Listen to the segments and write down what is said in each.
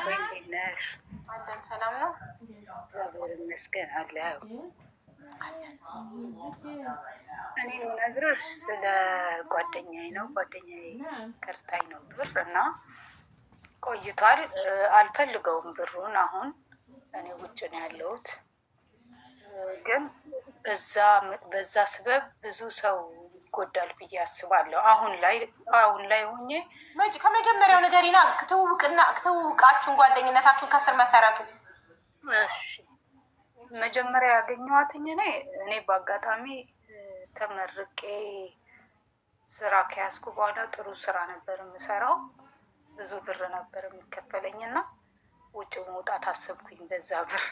አለን። ሰላም ነው፣ እኔ የምነግርሽ ስለ ጓደኛዬ ነው። ጓደኛዬ ከርታኝ ነው ብር እና ቆይቷል። አልፈልገውም ብሩን። አሁን እኔ ውጭ ነው ያለሁት፣ ግን በዛ ስበብ ብዙ ሰው ይጎዳል ብዬ አስባለሁ። አሁን ላይ አሁን ላይ ሆኜ ከመጀመሪያው ነገር ና ትውውቅና ትውውቃችሁን ጓደኝነታችሁን ከስር መሰረቱ መጀመሪያ ያገኘኋትኝ እኔ እኔ በአጋጣሚ ተመርቄ ስራ ከያዝኩ በኋላ ጥሩ ስራ ነበር የምሰራው፣ ብዙ ብር ነበር የሚከፈለኝ እና ውጭ መውጣት አሰብኩኝ በዛ ብር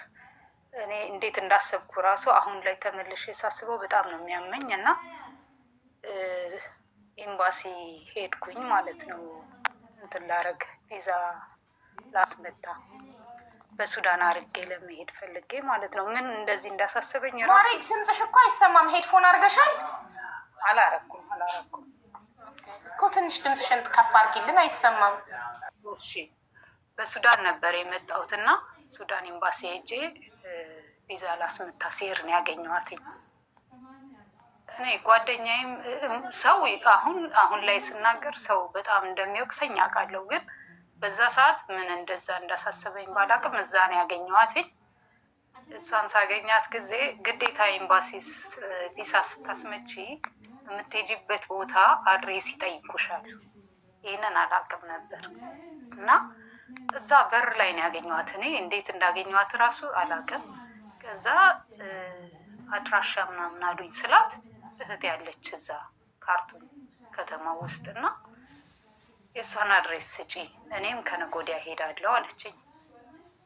እኔ እንዴት እንዳሰብኩ ራሱ አሁን ላይ ተመልሼ ሳስበው በጣም ነው የሚያመኝ እና ኤምባሲ ሄድኩኝ ማለት ነው። እንትን ላረግ ቪዛ ላስመታ በሱዳን አርጌ ለመሄድ ፈልጌ ማለት ነው። ምን እንደዚህ እንዳሳሰበኝ ራሱ ድምፅሽ እኮ አይሰማም። ሄድፎን አርገሻል? አላረኩም አላረኩም እኮ ትንሽ ድምፅሽን ከፍ አርጊልን፣ አይሰማም። እሺ በሱዳን ነበር የመጣሁትና ሱዳን ኤምባሲ ሄጄ ቪዛ ላስመታ ሲሄድ ነው ያገኘኋትኝ። እኔ ጓደኛዬም ሰው አሁን አሁን ላይ ስናገር ሰው በጣም እንደሚወቅሰኝ አውቃለሁ። ግን በዛ ሰዓት ምን እንደዛ እንዳሳሰበኝ ባላቅም እዛ ነው ያገኘዋትኝ። እሷን ሳገኛት ጊዜ ግዴታ ኤምባሲ ቪሳ ስታስመቺ የምትሄጂበት ቦታ አድሬስ ይጠይቁሻል። ይህንን አላቅም ነበር እና እዛ በር ላይ ነው ያገኘዋት። እኔ እንዴት እንዳገኘዋት እራሱ አላቅም። ከዛ አድራሻ ምናምን አሉኝ ስላት እህት ያለች እዛ ካርቱም ከተማ ውስጥ እና የእሷን አድሬስ ስጪ፣ እኔም ከነጎዲያ ሄዳለሁ አለችኝ።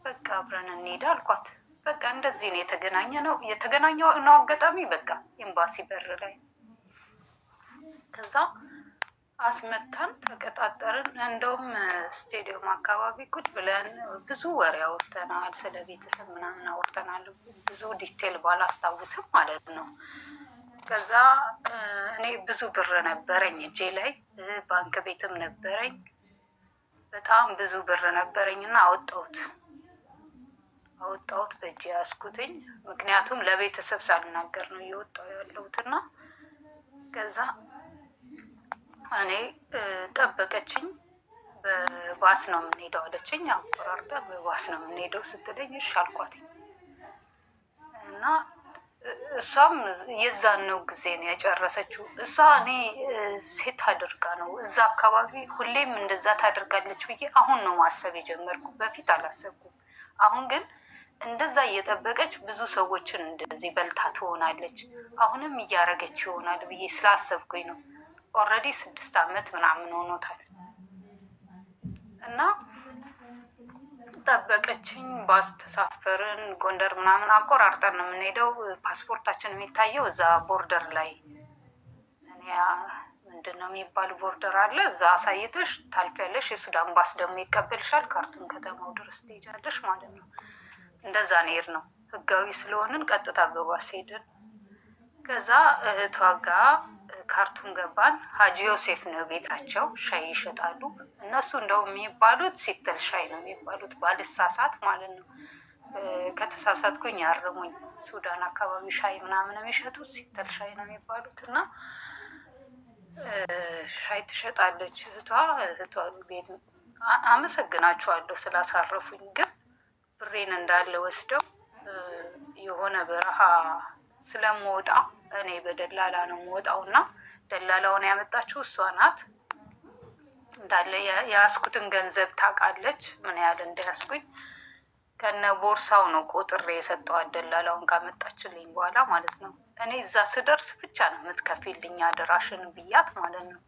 በቃ አብረን እንሄድ አልኳት። በቃ እንደዚህ ነው የተገናኘ ነው የተገናኘ ነው አጋጣሚ በቃ ኤምባሲ በር ላይ ከዛ አስመታን ተቀጣጠርን። እንደውም ስቴዲየም አካባቢ ቁጭ ብለን ብዙ ወሬ አወርተናል፣ ስለ ቤተሰብ ምናምን አወርተናል። ብዙ ዲቴል ባላስታውስም ማለት ነው። ከዛ እኔ ብዙ ብር ነበረኝ እጄ ላይ ባንክ ቤትም ነበረኝ። በጣም ብዙ ብር ነበረኝ እና አወጣሁት አወጣሁት በእጅ ያስኩትኝ። ምክንያቱም ለቤተሰብ ሳልናገር ነው ያለሁት እና ከዛ እኔ ጠበቀችኝ። በባስ ነው የምንሄደው አለችኝ። አቆራርጠ በባስ ነው የምንሄደው ስትለኝ እሺ አልኳትኝ እና እሷም የዛን ነው ጊዜ ነው የጨረሰችው። እሷ እኔ ሴት አድርጋ ነው እዛ አካባቢ ሁሌም እንደዛ ታደርጋለች ብዬ አሁን ነው ማሰብ የጀመርኩ። በፊት አላሰብኩም። አሁን ግን እንደዛ እየጠበቀች ብዙ ሰዎችን እንደዚህ በልታ ትሆናለች፣ አሁንም እያደረገች ይሆናል ብዬ ስላሰብኩኝ ነው። ኦልሬዲ ስድስት አመት ምናምን ሆኖታል እና ጠበቀችኝ። ባስተሳፈርን ጎንደር ምናምን አቆራርጠን ነው የምንሄደው። ፓስፖርታችን የሚታየው እዛ ቦርደር ላይ ምንድን ነው የሚባል ቦርደር አለ። እዛ አሳይተሽ ታልፊያለሽ። የሱዳን ባስ ደግሞ ይቀበልሻል። ካርቱም ከተማው ድረስ ትሄጃለሽ ማለት ነው። እንደዛ ነው ህጋዊ ስለሆንን ቀጥታ በባስ ሄድን። ከዛ እህቷ ጋር ካርቱን ገባን። ሀጂ ዮሴፍ ነው ቤታቸው፣ ሻይ ይሸጣሉ እነሱ። እንደው የሚባሉት ሲተል ሻይ ነው የሚባሉት፣ ባልሳሳት ማለት ነው። ከተሳሳትኩኝ ያርሙኝ። ሱዳን አካባቢ ሻይ ምናምን የሚሸጡት ሲተል ሻይ ነው የሚባሉት እና ሻይ ትሸጣለች እህቷ። እህቷ ቤት አመሰግናችኋለሁ ስላሳረፉኝ፣ ግን ብሬን እንዳለ ወስደው የሆነ በረሃ ስለምወጣ እኔ በደላላ ነው የምወጣው ደላላውን ያመጣችው እሷ ናት። እንዳለ የያዝኩትን ገንዘብ ታውቃለች፣ ምን ያህል እንደያዝኩኝ ከነ ቦርሳው ነው ቆጥሬ የሰጠዋት ደላላውን ካመጣችልኝ በኋላ ማለት ነው። እኔ እዛ ስደርስ ብቻ ነው የምትከፊልኝ አድራሽን ብያት ማለት ነው።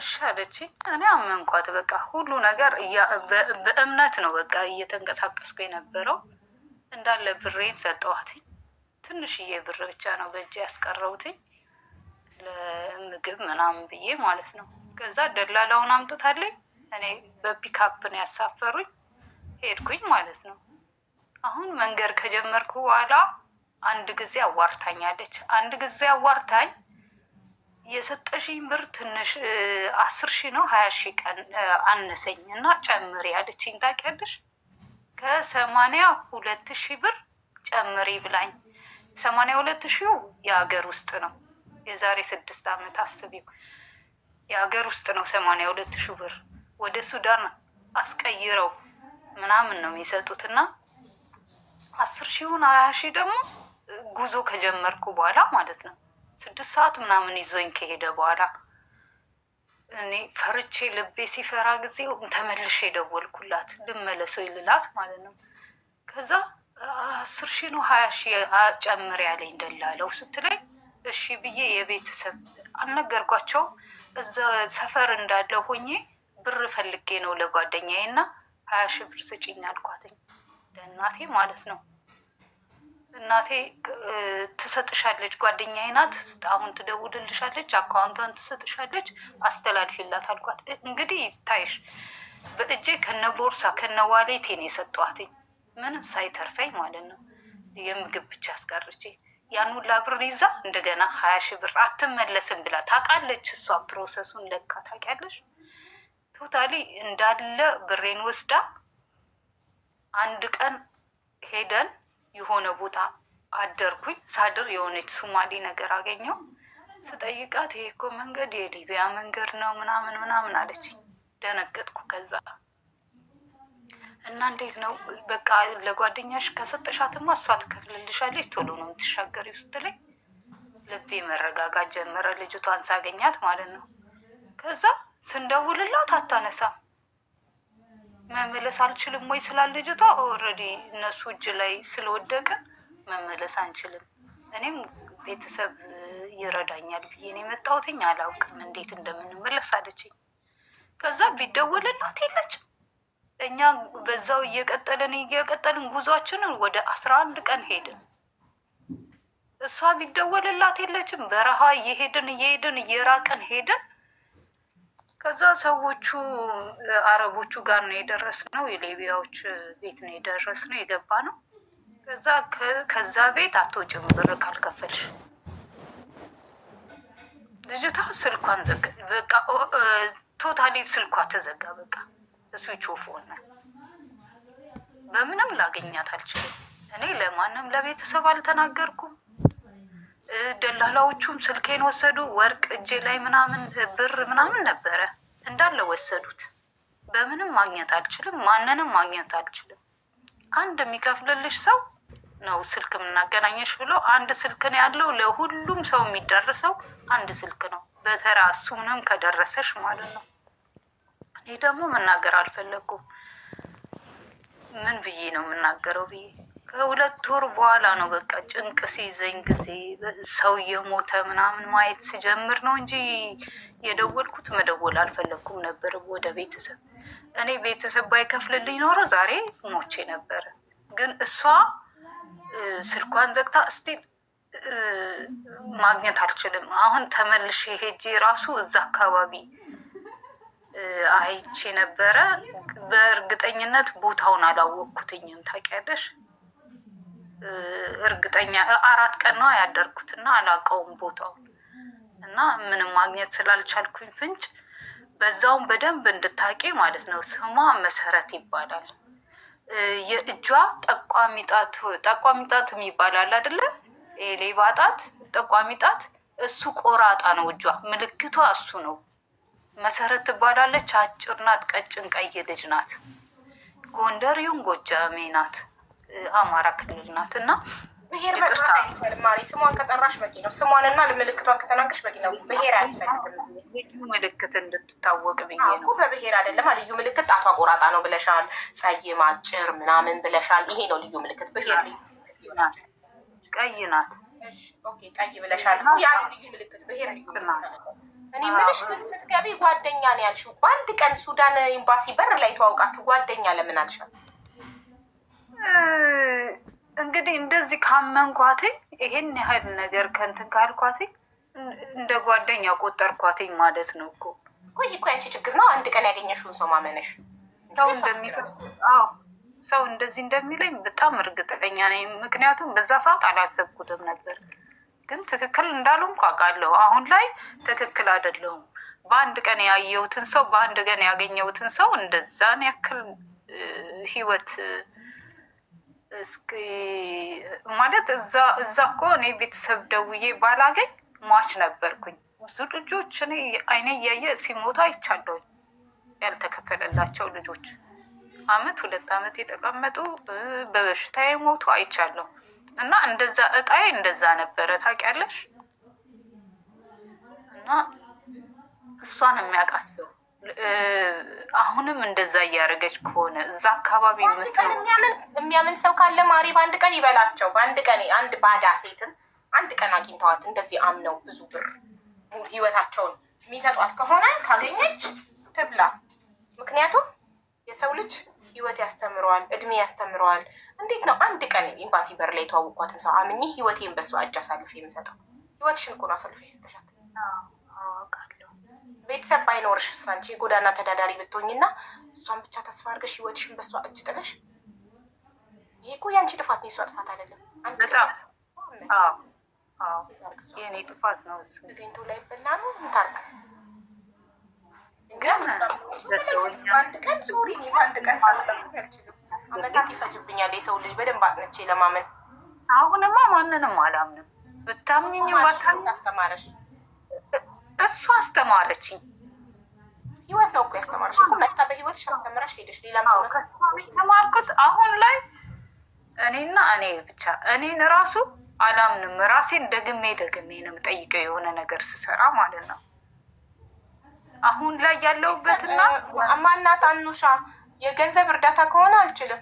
እሺ አለችኝ። እኔ አመንኳት። በቃ ሁሉ ነገር በእምነት ነው በቃ እየተንቀሳቀስኩ የነበረው እንዳለ ብሬን ሰጠዋትኝ። ትንሽዬ ብር ብቻ ነው በእጅ ያስቀረውትኝ ለምግብ ምናምን ብዬ ማለት ነው። ከዛ ደላላውን አምጥታለኝ እኔ በፒካፕ ነው ያሳፈሩኝ። ሄድኩኝ ማለት ነው። አሁን መንገድ ከጀመርኩ በኋላ አንድ ጊዜ አዋርታኛለች። አንድ ጊዜ አዋርታኝ የሰጠሽኝ ብር ትንሽ አስር ሺ ነው ሀያ ሺ ቀን አነሰኝ እና ጨምሪ ያለችኝ ታውቂያለሽ ከሰማንያ ሁለት ሺ ብር ጨምሪ ብላኝ ሰማንያ ሁለት ሺው የሀገር ውስጥ ነው። የዛሬ ስድስት አመት አስቢው የሀገር ውስጥ ነው። ሰማንያ ሁለት ሺው ብር ወደ ሱዳን አስቀይረው ምናምን ነው የሚሰጡት እና አስር ሺውን ሀያ ሺ ደግሞ ጉዞ ከጀመርኩ በኋላ ማለት ነው ስድስት ሰዓት ምናምን ይዞኝ ከሄደ በኋላ እኔ ፈርቼ ልቤ ሲፈራ ጊዜ ተመልሼ ደወልኩላት ልመለሰው ይልላት ማለት ነው ከዛ አስር ሺ ነው ሀያ ሺ ጨምር ያለኝ ደላለው ስትለኝ እሺ ብዬ የቤተሰብ አልነገርኳቸው። እዛ ሰፈር እንዳለ ሆኜ ብር ፈልጌ ነው ለጓደኛዬ እና ሀያ ሺ ብር ስጭኝ አልኳትኝ ለእናቴ ማለት ነው። እናቴ ትሰጥሻለች፣ ጓደኛዬ ናት። አሁን ትደውልልሻለች፣ አካውንቷን ትሰጥሻለች፣ አስተላልፊላት አልኳት። እንግዲህ ይታይሽ በእጄ ከነ ቦርሳ ከነ ዋሌቴን የሰጠዋትኝ ምንም ሳይተርፈኝ ማለት ነው የምግብ ብቻ አስቀርቼ ያን ሁላ ብር ይዛ እንደገና ሀያ ሺህ ብር አትመለስም ብላ ታውቃለች። እሷ ፕሮሰሱን ለካ ታውቂያለሽ። ቶታሊ እንዳለ ብሬን ወስዳ አንድ ቀን ሄደን የሆነ ቦታ አደርኩኝ። ሳድር የሆነች ሱማሌ ነገር አገኘው። ስጠይቃት ይሄ እኮ መንገድ የሊቢያ መንገድ ነው ምናምን ምናምን አለችኝ። ደነገጥኩ ከዛ እና እንዴት ነው በቃ ለጓደኛሽ ከሰጠሻትማ እሷ ትከፍልልሻለች፣ ቶሎ ነው የምትሻገሪው ስትለኝ ልቤ መረጋጋት ጀመረ። ልጅቷን ሳገኛት ማለት ነው። ከዛ ስንደውልላት አታነሳም። መመለስ አልችልም ወይ ስላል ልጅቷ ኦልሬዲ እነሱ እጅ ላይ ስለወደቀ መመለስ አንችልም። እኔም ቤተሰብ ይረዳኛል ብዬ ነው የመጣሁትኝ። አላውቅም እንዴት እንደምንመለስ አለችኝ። ከዛ ቢደወልላት የለችም እኛ በዛው እየቀጠልን እየቀጠልን ጉዟችንን ወደ አስራ አንድ ቀን ሄድን። እሷ ቢደወልላት የለችም። በረሃ እየሄድን እየሄድን እየራቀን ሄድን። ከዛ ሰዎቹ አረቦቹ ጋር ነው የደረስነው። የሌቢያዎች ቤት ነው የደረስነው፣ የገባ ነው። ከዛ ከዛ ቤት አቶ ጭምብር ካልከፈልሽ። ልጅቷ ስልኳን ዘጋ፣ በቃ ቶታሊ ስልኳ ተዘጋ፣ በቃ ስዊች ኦፍ ሆነ። በምንም ላገኛት አልችልም። እኔ ለማንም ለቤተሰብ አልተናገርኩም። ደላላዎቹም ስልኬን ወሰዱ። ወርቅ እጄ ላይ ምናምን ብር ምናምን ነበረ እንዳለ ወሰዱት። በምንም ማግኘት አልችልም። ማንንም ማግኘት አልችልም። አንድ የሚከፍልልሽ ሰው ነው ስልክ የምናገናኘሽ ብሎ አንድ ስልክ ነው ያለው። ለሁሉም ሰው የሚደረሰው አንድ ስልክ ነው። በተራ እሱ ምንም ከደረሰሽ ማለት ነው እኔ ደግሞ መናገር አልፈለኩ ምን ብዬ ነው የምናገረው ብዬ ከሁለት ወር በኋላ ነው በቃ ጭንቅ ሲይዘኝ ጊዜ ሰው የሞተ ምናምን ማየት ሲጀምር ነው እንጂ የደወልኩት መደወል አልፈለግኩም ነበር ወደ ቤተሰብ። እኔ ቤተሰብ ባይከፍልልኝ ኖሮ ዛሬ ሞቼ ነበረ። ግን እሷ ስልኳን ዘግታ እስቲ ማግኘት አልችልም። አሁን ተመልሼ ሄጄ ራሱ እዛ አካባቢ አይቼ ነበረ። በእርግጠኝነት ቦታውን አላወቅኩትኝም። ታውቂያለሽ? እርግጠኛ አራት ቀን ነው ያደርኩት እና አላውቀውም ቦታውን እና ምንም ማግኘት ስላልቻልኩኝ ፍንጭ በዛውም በደንብ እንድታቂ ማለት ነው። ስሟ መሰረት ይባላል። የእጇ ጠቋሚ ጣት ጠቋሚ ጣት አይደለ? ሌባ ጣት፣ ጠቋሚ ጣት እሱ ቆራጣ ነው። እጇ ምልክቷ እሱ ነው። መሰረት ትባላለች። አጭር ናት፣ ቀጭን ቀይ ልጅ ናት። ጎንደር ይሁን ጎጃሜ ናት፣ አማራ ክልል ናት እና ብሄር መጥራት ስሟን ከጠራሽ በቂ ነው። ስሟንና ምልክቷን ከተናገርሽ በቂ ነው። ብሄር አያስፈልግም። ልዩ ምልክት እንድትታወቅ ብዬ ነው። በብሄር አይደለም ልዩ ምልክት ጣቷ ቆራጣ ነው ብለሻል። ጸይም፣ አጭር ምናምን ብለሻል። ይሄ ነው ልዩ ምልክት። ብሄር ልዩ ምልክት ቀይ ናት። ቀይ ብለሻል። ያ ልዩ ምልክት ብሄር ልዩ ምልክት እኔ የምልሽ ግን ስትገቢ ጓደኛ ነው ያልሽው። በአንድ ቀን ሱዳን ኤምባሲ በር ላይ ተዋውቃችሁ ጓደኛ ለምን አልሻል? እንግዲህ እንደዚህ ካመንኳትኝ ይሄን ያህል ነገር ከንትን ካልኳትኝ እንደ ጓደኛ ቆጠርኳትኝ ማለት ነው እኮ። ቆይ እኮ ያንቺ ችግር ነው አንድ ቀን ያገኘሽውን ሰው ማመነሽ። ሰው እንደዚህ እንደሚለኝ በጣም እርግጠኛ ነኝ፣ ምክንያቱም በዛ ሰዓት አላሰብኩትም ነበር። ግን ትክክል እንዳልሆንኩ አውቃለሁ። አሁን ላይ ትክክል አይደለሁም። በአንድ ቀን ያየሁትን ሰው በአንድ ቀን ያገኘሁትን ሰው እንደዛን ያክል ህይወት እስኪ ማለት እዛ እዛ እኮ እኔ ቤተሰብ ደውዬ ባላገኝ ሟች ነበርኩኝ። ብዙ ልጆች እኔ አይነ እያየ ሲሞታ ይቻለውኝ ያልተከፈለላቸው ልጆች አመት ሁለት አመት የተቀመጡ በበሽታ የሞቱ አይቻለሁ። እና እንደዛ እጣዬ እንደዛ ነበረ ታውቂያለሽ። እና እሷን የሚያውቃት አሁንም እንደዛ እያደረገች ከሆነ እዛ አካባቢ የሚያምን ሰው ካለ ማሬ በአንድ ቀን ይበላቸው። በአንድ ቀን አንድ ባዳ ሴትን አንድ ቀን አግኝተዋት እንደዚህ አምነው ብዙ ብር ህይወታቸውን የሚሰጧት ከሆነ ካገኘች ትብላ። ምክንያቱም የሰው ልጅ ህይወት ያስተምረዋል፣ እድሜ ያስተምረዋል። እንዴት ነው አንድ ቀን ኤምባሲ በር ላይ የተዋወቅኳትን ሰው አምኜ ህይወቴን በሱ እጅ አሳልፍ የምሰጠው? ህይወትሽን እኮ ነው አሳልፌ ስተሻት ቤተሰብ ባይኖርሽ አንቺ የጎዳና ተዳዳሪ ብትሆኝና እሷን ብቻ ተስፋ አድርገሽ ህይወትሽን በሷ እጅ ጥለሽ፣ ይሄ እኮ የአንቺ ጥፋት ነው፣ የሷ ጥፋት አይደለም። የእኔ ጥፋት ነው። ግንቱ ላይ በላ ነው እንታርግ በአንድ ቀን ሶሪ በአንድ ቀን አመታት ይፈጅብኛል። የሰው ልጅ በደንብ አጥንቼ ለማመን አሁንማ ማንንም አላምንም። ብታምኝኝም አስተማረሽ፣ እሱ አስተማረችኝ። ህይወት ነው እኮ ያስተማረሽ እኮ መታ በህይወትሽ አስተምረሽ ሄደሽ ሌላም ሰው የተማርኩት አሁን ላይ እኔና እኔ ብቻ እኔን ራሱ አላምንም። ራሴን ደግሜ ደግሜ ነው የምጠይቀው የሆነ ነገር ስሰራ ማለት ነው አሁን ላይ ያለሁበትና አማናት አኑሻ የገንዘብ እርዳታ ከሆነ አልችልም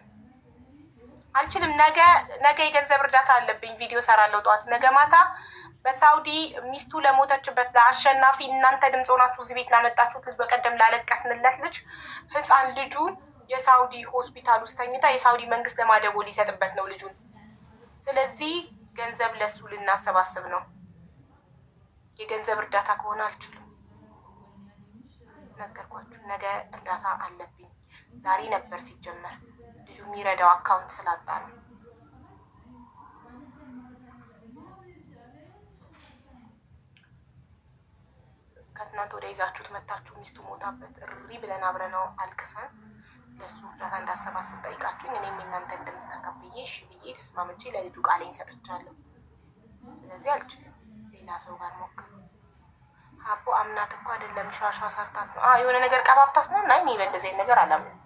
አልችልም። ነገ ነገ የገንዘብ እርዳታ አለብኝ። ቪዲዮ ሰራለሁ ጠዋት ነገ ማታ በሳውዲ ሚስቱ ለሞተችበት ለአሸናፊ እናንተ ድምፅ ሆናችሁ እዚህ ቤት ላመጣችሁት ልጅ በቀደም ላለቀስንለት ልጅ ህፃን ልጁ የሳውዲ ሆስፒታል ውስጥ ተኝታ የሳውዲ መንግስት ለማደጎ ሊሰጥበት ነው ልጁን። ስለዚህ ገንዘብ ለሱ ልናሰባስብ ነው። የገንዘብ እርዳታ ከሆነ አልችልም። ነገርኳችሁ። ነገ እርዳታ አለብኝ። ዛሬ ነበር ሲጀመር ልጁ የሚረዳው አካውንት ስላጣ ነው። ከትናንት ወደ ይዛችሁት መታችሁ ሚስቱ ሞታበት እሪ ብለን አብረነው አልቅሰን ለእሱ እርዳታ እንዳሰባስብ ጠይቃችሁኝ እኔም የእናንተን ድምፅ ተቀብዬ እሺ ብዬ ተስማምቼ ለልጁ ቃሌን ሰጥቻለሁ። ስለዚህ አልችልም ሌላ ሰው ጋር ሞክር አቦ አምናት እኮ አይደለም ሸዋሸዋ ሰርታት ነው የሆነ ነገር ቀባብታት ነው እና እኔ በእንደዚህ ነገር አላምንም።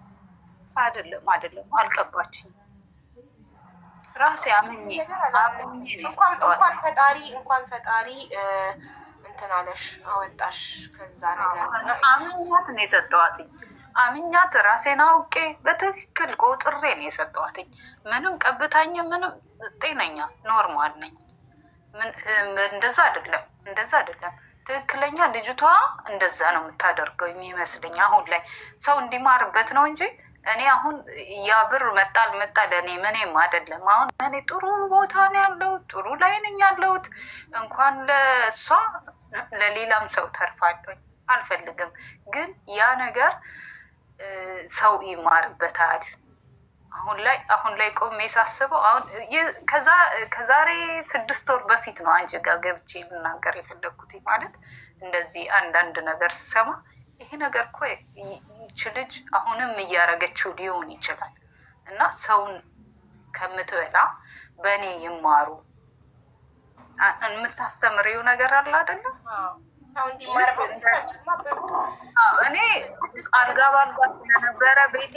አይደለም አይደለም፣ አልቀባችኝ ራሴ አምኜ እንኳን ፈጣሪ እንኳን ፈጣሪ እንትን አለሽ አወጣሽ ከዛ ነገር አምኛት ነው የሰጠዋትኝ። አምኛት ራሴን አውቄ በትክክል ቆጥሬ ነው የሰጠዋትኝ። ምንም ቀብታኝ ምንም ጤነኛ ኖርማል ነኝ። እንደዛ አይደለም እንደዛ አይደለም። ትክክለኛ ልጅቷ እንደዛ ነው የምታደርገው የሚመስለኝ። አሁን ላይ ሰው እንዲማርበት ነው እንጂ እኔ አሁን ያ ብር መጣል መጣል እኔ ምንም አይደለም። አሁን እኔ ጥሩ ቦታ ነው ያለሁት፣ ጥሩ ላይ ነኝ ያለሁት። እንኳን ለእሷ ለሌላም ሰው ተርፋለኝ አልፈልግም። ግን ያ ነገር ሰው ይማርበታል። አሁን ላይ አሁን ላይ ቆሜ ሳስበው አሁን ከዛሬ ስድስት ወር በፊት ነው አንቺ ጋር ገብቼ ልናገር የፈለግኩት ማለት እንደዚህ አንዳንድ ነገር ስሰማ ይሄ ነገር እኮ ይች ልጅ አሁንም እያረገችው ሊሆን ይችላል እና ሰውን ከምትበላ በእኔ ይማሩ የምታስተምሪው ነገር አለ አይደለም እኔ አልጋ ባልጋ ስለነበረ ቤቴ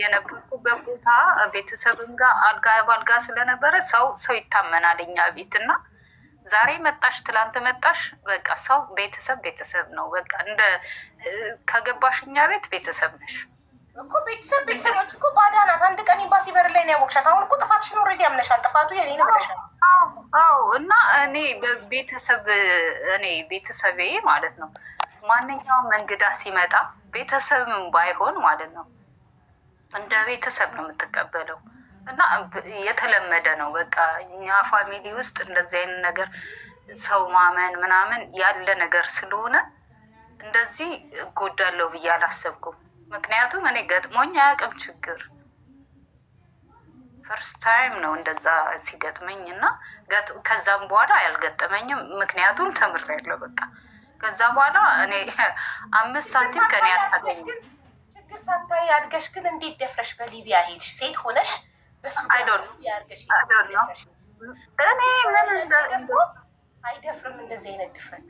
የነበርኩበት ቦታ ቤተሰብም ጋር አልጋ ባልጋ ስለነበረ ሰው ሰው ይታመናል እኛ ቤት እና ዛሬ መጣሽ፣ ትላንት መጣሽ፣ በቃ ሰው ቤተሰብ ቤተሰብ ነው። በቃ እንደ ከገባሽ እኛ ቤት ቤተሰብ ነሽ። እኮ ቤተሰብ ቤተሰቦች እኮ ባዳ ናት። አንድ ቀን ኤምባሲ በር ላይ ነው ያወቅሻት። አሁን እኮ ጥፋትሽን ኦልሬዲ ያምነሻል። ጥፋቱ የኔ ነው ብለሻል። አዎ እና እኔ ቤተሰብ እኔ ቤተሰቤ ማለት ነው ማንኛውም እንግዳ ሲመጣ ቤተሰብም ባይሆን ማለት ነው እንደ ቤተሰብ ነው የምትቀበለው እና የተለመደ ነው። በቃ እኛ ፋሚሊ ውስጥ እንደዚህ አይነት ነገር ሰው ማመን ምናምን ያለ ነገር ስለሆነ እንደዚህ እጎዳለሁ ብዬ አላሰብኩም። ምክንያቱም እኔ ገጥሞኝ አያውቅም ችግር ፈርስት ታይም ነው እንደዛ ሲገጥመኝ እና ከዛም በኋላ አያልገጠመኝም። ምክንያቱም ተምሬያለሁ በቃ ከዛ በኋላ እኔ አምስት ሳንቲም ከኔ አታገኝም። ችግር ሳታይ አድገሽ ግን እንዴት ደፍረሽ በሊቢያ ሄድሽ? ሴት ሆነሽ እኔ ምን አይደፍርም እንደዚህ አይነት ድፍረት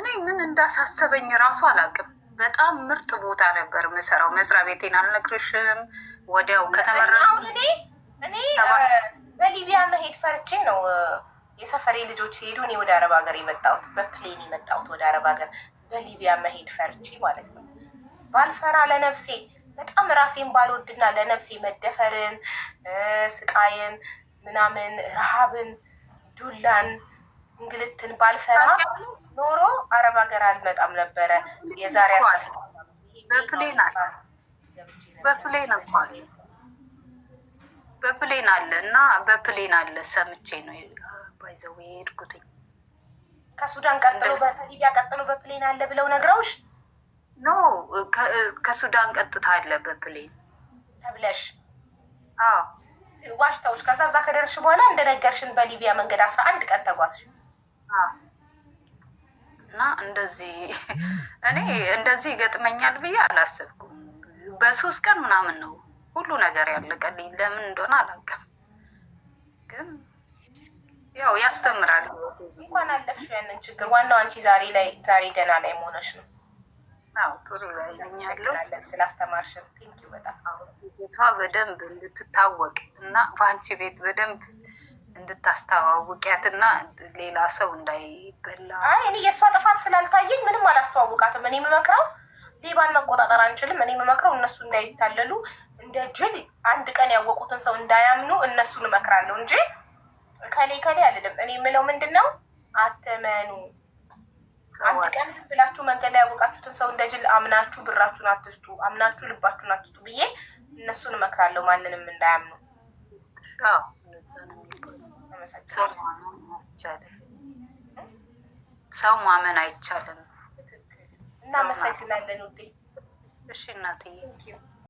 እኔ ምን እንዳሳሰበኝ ራሱ አላውቅም። በጣም ምርጥ ቦታ ነበር የምሰራው። መስሪያ ቤቴን አልነግርሽም። ወዲያው ከተመረሁን እኔ በሊቢያ መሄድ ፈርቼ ነው የሰፈሬ ልጆች ሲሄዱ እኔ ወደ አረብ ሀገር የመጣሁት በፕሌን የመጣሁት ወደ አረብ ሀገር በሊቢያ መሄድ ፈርቼ ማለት ነው። ባልፈራ ለነፍሴ በጣም ራሴን ባልወድና ለነፍሴ መደፈርን፣ ስቃይን፣ ምናምን ረሃብን፣ ዱላን፣ እንግልትን ባልፈራ ኖሮ አረብ ሀገር አልመጣም ነበረ። የዛሬ በፕሌን በፕሌን በፕሌን አለ እና በፕሌን አለ ሰምቼ ነው ባይዘዌ የሄድኩትኝ። ከሱዳን ቀጥሎ ከሊቢያ ቀጥሎ በፕሌን አለ ብለው ነግረውሽ ኖ ከሱዳን ቀጥታ አለ በፕሌን ተብለሽ ዋሽታዎች። ከዛ እዛ ከደርሽ በኋላ እንደነገርሽን በሊቢያ መንገድ አስራ አንድ ቀን ተጓዝሽ እና እንደዚህ እኔ እንደዚህ ይገጥመኛል ብዬ አላሰብኩም። በሶስት ቀን ምናምን ነው ሁሉ ነገር ያለቀልኝ። ለምን እንደሆነ አላውቅም፣ ግን ያው ያስተምራል። እንኳን አለፍሽ ያንን ችግር። ዋናው አንቺ ዛሬ ላይ ዛሬ ገና ላይ መሆንሽ ነው። ጥሩ ላይ ስላስተማርሽን ቴንኪው በጣም ልጅቷ በደንብ እንድትታወቅ እና በአንቺ ቤት በደንብ እንድታስተዋውቂያትና ሌላ ሰው እንዳይበላ። እኔ የእሷ ጥፋት ስላልታየኝ ምንም አላስተዋውቃትም። እኔ የምመክረው ሌባን መቆጣጠር አንችልም። እኔ የምመክረው እነሱ እንዳይታለሉ እንደ ጅል አንድ ቀን ያወቁትን ሰው እንዳያምኑ እነሱን እመክራለሁ እንጂ ከሌ ከሌ አልልም። እኔ የምለው ምንድን ነው አትመኑ። አንድ ቀን ዝም ብላችሁ መንገድ ላይ ያወቃችሁትን ሰው እንደ ጅል አምናችሁ ብራችሁን አትስጡ፣ አምናችሁ ልባችሁን አትስጡ ብዬ እነሱን እመክራለሁ ማንንም እንዳያምኑ ሰው ማመን አይቻልም። እናመሰግናለን ውዴ። እሺ እናትዬ